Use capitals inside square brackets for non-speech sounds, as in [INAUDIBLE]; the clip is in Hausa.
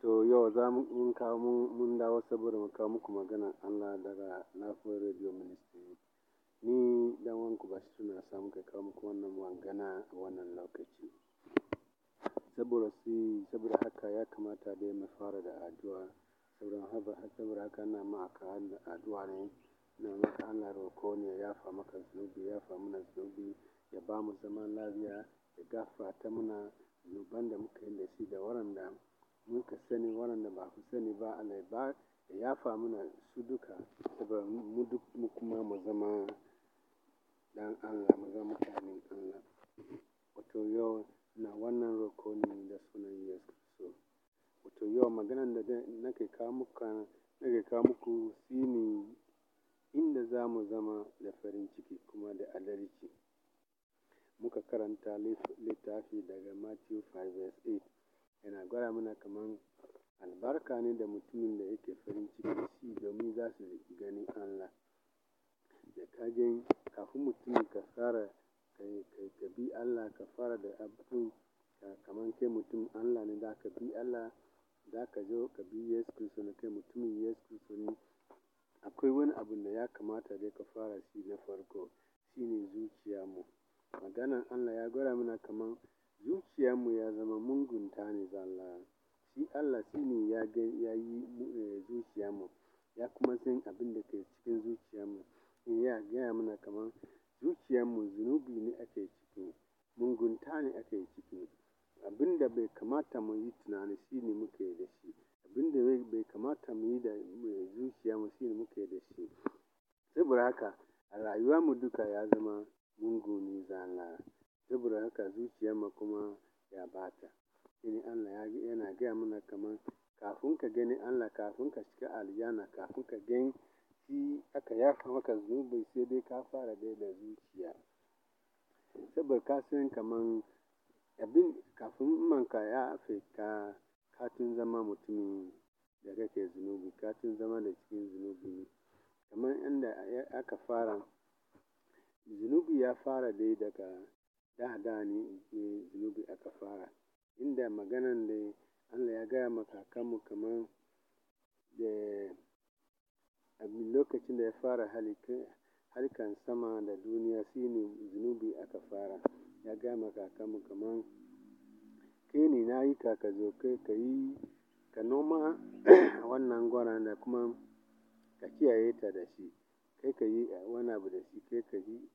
To yau za mu kawo mun dawo saboda mu kawo muku magana Allah daga Nafiyar Radio Ministry. Ni dan wanku ba shi tuna sa muka kawo muku wannan magana a wannan lokaci. Saboda si saboda haka ya kamata dai mu fara da addu'a. Saboda haka saboda haka na ma aka addu'a ne. na maka Allah roko ne ya fa maka zunubi ya fa mana zunubi ya ba mu zaman lafiya ya gafata mana zunuban da muka yi da shi da waranda. muka sani waɗanda ba ku sani ba Allah ba ya yafa muna su duka saboda mu duk mu kuma mu zama dan Allah mu zama mutanen Allah wato yau na wannan roko ne da sunan Yesu so wato yau magana da nake kawo muku nake kawo muku shine inda za mu zama da farin ciki kuma da adalci muka karanta littafi daga Matthew 5:8 yana gwada mana kaman albarka ne da mutumin da yake farin ciki shi domin za su yi ganin Allah. Da ka kafin mutum ka fara ka, bi Allah ka fara da abin kaman kai mutum Allah ne za ka bi Allah za ka zo ka bi Yesu Kiristo ne kai mutumin Yesu Kiristo Akwai wani abu da ya kamata dai ka fara shi na farko shi ne zuciya mu. Maganan Allah ya gwada mana kaman zuciya mu ya zama mun Allah shi ne ya yi eh, zuciyarmu ya kuma san abin da ke cikin zuciyarmu. Ya gaya mana kamar zuciyarmu zunubi ne ake ciki, mungunta ne ake ciki. Abin da bai kamata mu yi tunani shi ne muke da shi. Abin da bai kamata mu yi da eh, zuciyarmu shi ne muke da shi. Saboda haka a mu duka ya zama mungu ne zalla. Saboda haka zuciyarmu kuma ya ɓata. gani Allah yana gaya mana kamar kafin ka gani Allah kafin ka shiga aljanna kafin ka gan shi aka yafa maka zunubin sai dai ka fara dai da zuciya saboda ka san kamar abin kafin manka ya afe ka ka tun zama mutumin da kake zunubi ka tun zama da cikin zunubi kamar inda aka fara zunubi ya fara dai daga da da ne zunubi aka fara inda maganan da Allah ya gaya ma kakanmu kamar da a lokacin da ya fara halikan sama da duniya shi ne zunubi aka fara ya gaya ma kakanmu kamar ke ne na yi ka zo kai ka yi ka noma [CLEARS THROAT] wannan gwara da kuma ka kiyaye ta da shi kai ka yi wani abu da shi kai ka yi